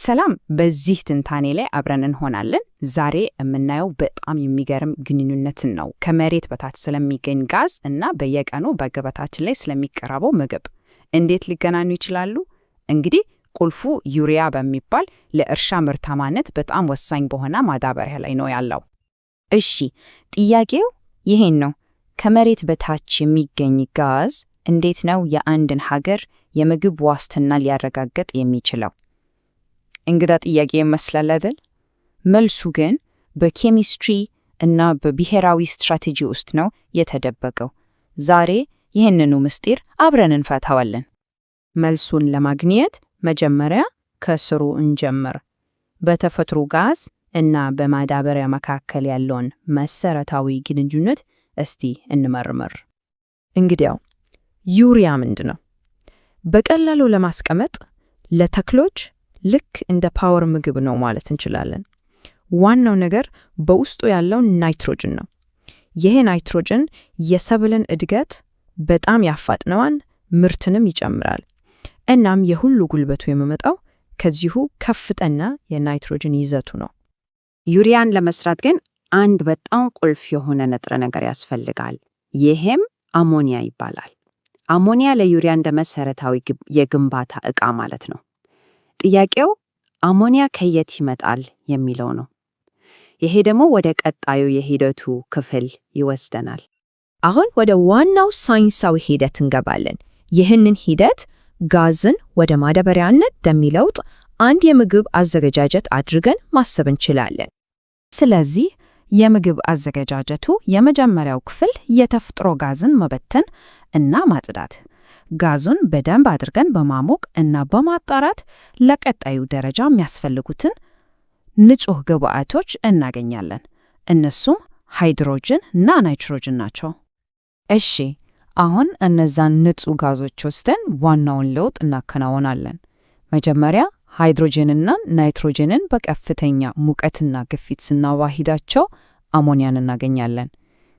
ሰላም፣ በዚህ ትንታኔ ላይ አብረን እንሆናለን። ዛሬ የምናየው በጣም የሚገርም ግንኙነትን ነው፣ ከመሬት በታች ስለሚገኝ ጋዝ እና በየቀኑ በገበታችን ላይ ስለሚቀረበው ምግብ። እንዴት ሊገናኙ ይችላሉ? እንግዲህ ቁልፉ ዩሪያ በሚባል ለእርሻ ምርታማነት በጣም ወሳኝ በሆነ ማዳበሪያ ላይ ነው ያለው። እሺ፣ ጥያቄው ይሄን ነው፣ ከመሬት በታች የሚገኝ ጋዝ እንዴት ነው የአንድን ሀገር የምግብ ዋስትና ሊያረጋግጥ የሚችለው? እንግዳ ጥያቄ ይመስላል አይደል? መልሱ ግን በኬሚስትሪ እና በብሔራዊ ስትራቴጂ ውስጥ ነው የተደበቀው። ዛሬ ይህንኑ ምስጢር አብረን እንፈታዋለን። መልሱን ለማግኘት መጀመሪያ ከስሩ እንጀምር። በተፈጥሮ ጋዝ እና በማዳበሪያ መካከል ያለውን መሰረታዊ ግንኙነት እስቲ እንመርምር። እንግዲያው ዩሪያ ምንድን ነው? በቀላሉ ለማስቀመጥ ለተክሎች ልክ እንደ ፓወር ምግብ ነው ማለት እንችላለን። ዋናው ነገር በውስጡ ያለው ናይትሮጅን ነው። ይሄ ናይትሮጅን የሰብልን እድገት በጣም ያፋጥነዋል፣ ምርትንም ይጨምራል። እናም የሁሉ ጉልበቱ የሚመጣው ከዚሁ ከፍተኛ የናይትሮጅን ይዘቱ ነው። ዩሪያን ለመስራት ግን አንድ በጣም ቁልፍ የሆነ ንጥረ ነገር ያስፈልጋል። ይሄም አሞኒያ ይባላል። አሞኒያ ለዩሪያ እንደ መሰረታዊ የግንባታ ዕቃ ማለት ነው። ጥያቄው አሞኒያ ከየት ይመጣል የሚለው ነው። ይሄ ደግሞ ወደ ቀጣዩ የሂደቱ ክፍል ይወስደናል። አሁን ወደ ዋናው ሳይንሳዊ ሂደት እንገባለን። ይህንን ሂደት ጋዝን ወደ ማዳበሪያነት እንደሚለውጥ አንድ የምግብ አዘገጃጀት አድርገን ማሰብ እንችላለን። ስለዚህ የምግብ አዘገጃጀቱ የመጀመሪያው ክፍል የተፈጥሮ ጋዝን መበተን እና ማጽዳት ጋዙን በደንብ አድርገን በማሞቅ እና በማጣራት ለቀጣዩ ደረጃ የሚያስፈልጉትን ንጹህ ግብአቶች እናገኛለን። እነሱም ሃይድሮጅን እና ናይትሮጅን ናቸው። እሺ፣ አሁን እነዛን ንጹህ ጋዞች ወስደን ዋናውን ለውጥ እናከናወናለን። መጀመሪያ ሃይድሮጅንና ናይትሮጅንን በከፍተኛ ሙቀትና ግፊት ስናዋሂዳቸው አሞኒያን እናገኛለን።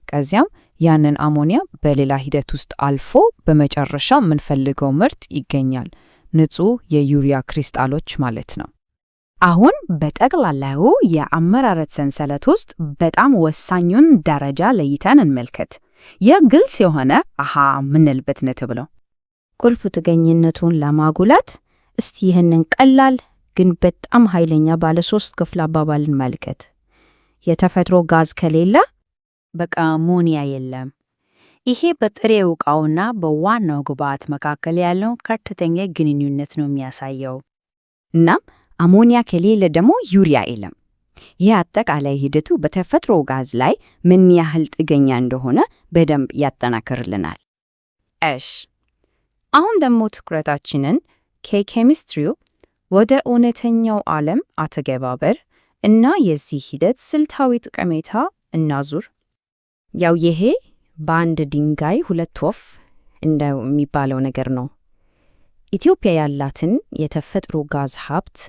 ከዚያም ያንን አሞኒያ በሌላ ሂደት ውስጥ አልፎ በመጨረሻ የምንፈልገው ምርት ይገኛል። ንጹህ የዩሪያ ክሪስታሎች ማለት ነው። አሁን በጠቅላላው የአመራረት ሰንሰለት ውስጥ በጣም ወሳኙን ደረጃ ለይተን እንመልከት። የግልጽ የሆነ አሃ ምንልበት ነው ነው። ቁልፍ ጥገኝነቱን ለማጉላት እስቲ ይህንን ቀላል ግን በጣም ኃይለኛ ባለ ሶስት ክፍል አባባልን መልከት። የተፈጥሮ ጋዝ ከሌለ በቃ ሙኒያ የለም። ይሄ በጥሬው ዕቃውና በዋናው ግብዓት መካከል ያለውን ከፍተኛ ግንኙነት ነው የሚያሳየው። እናም አሞኒያ ከሌለ ደግሞ ዩሪያ የለም። ይህ አጠቃላይ ሂደቱ በተፈጥሮ ጋዝ ላይ ምን ያህል ጥገኛ እንደሆነ በደንብ ያጠናክርልናል። እሽ፣ አሁን ደግሞ ትኩረታችንን ከኬሚስትሪው ወደ እውነተኛው ዓለም አተገባበር እና የዚህ ሂደት ስልታዊ ጠቀሜታ እናዙር። ያው ይሄ በአንድ ድንጋይ ሁለት ወፍ እንደሚባለው ነገር ነው። ኢትዮጵያ ያላትን የተፈጥሮ ጋዝ ሀብት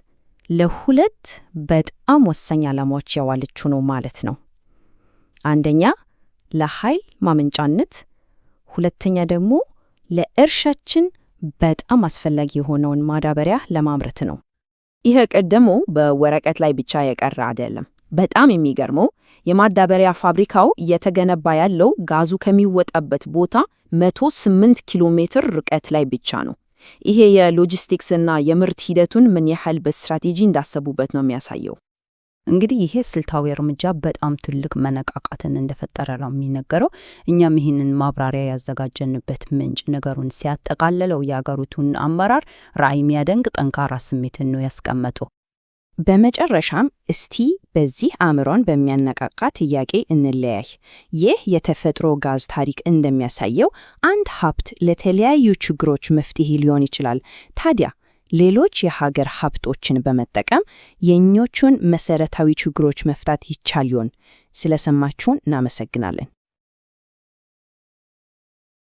ለሁለት በጣም ወሳኝ ዓላማዎች ያዋለችው ነው ማለት ነው። አንደኛ ለኃይል ማመንጫነት፣ ሁለተኛ ደግሞ ለእርሻችን በጣም አስፈላጊ የሆነውን ማዳበሪያ ለማምረት ነው። ይህ ቀደሞ በወረቀት ላይ ብቻ የቀረ አይደለም። በጣም የሚገርመው የማዳበሪያ ፋብሪካው እየተገነባ ያለው ጋዙ ከሚወጣበት ቦታ 108 ኪሎ ሜትር ርቀት ላይ ብቻ ነው። ይሄ የሎጂስቲክስ እና የምርት ሂደቱን ምን ያህል በስትራቴጂ እንዳሰቡበት ነው የሚያሳየው። እንግዲህ ይሄ ስልታዊ እርምጃ በጣም ትልቅ መነቃቃትን እንደፈጠረ ነው የሚነገረው። እኛም ይህንን ማብራሪያ ያዘጋጀንበት ምንጭ ነገሩን ሲያጠቃልለው የአገሪቱን አመራር ራዕይ የሚያደንቅ ጠንካራ ስሜትን ነው ያስቀመጠው። በመጨረሻም እስቲ በዚህ አእምሮን በሚያነቃቃ ጥያቄ እንለያይ። ይህ የተፈጥሮ ጋዝ ታሪክ እንደሚያሳየው አንድ ሀብት ለተለያዩ ችግሮች መፍትሄ ሊሆን ይችላል። ታዲያ ሌሎች የሀገር ሀብቶችን በመጠቀም የኞቹን መሰረታዊ ችግሮች መፍታት ይቻል ይሆን? ስለሰማችሁን እናመሰግናለን።